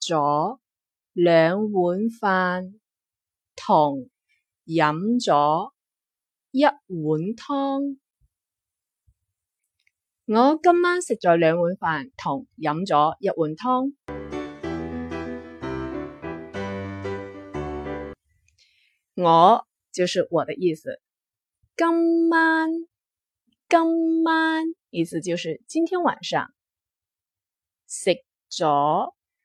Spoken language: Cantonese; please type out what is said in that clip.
咗兩碗飯，同飲咗一碗湯。我今晚食咗兩碗飯，同飲咗一碗湯。我就是我的意思。今晚，今晚意思就是今天晚上食咗。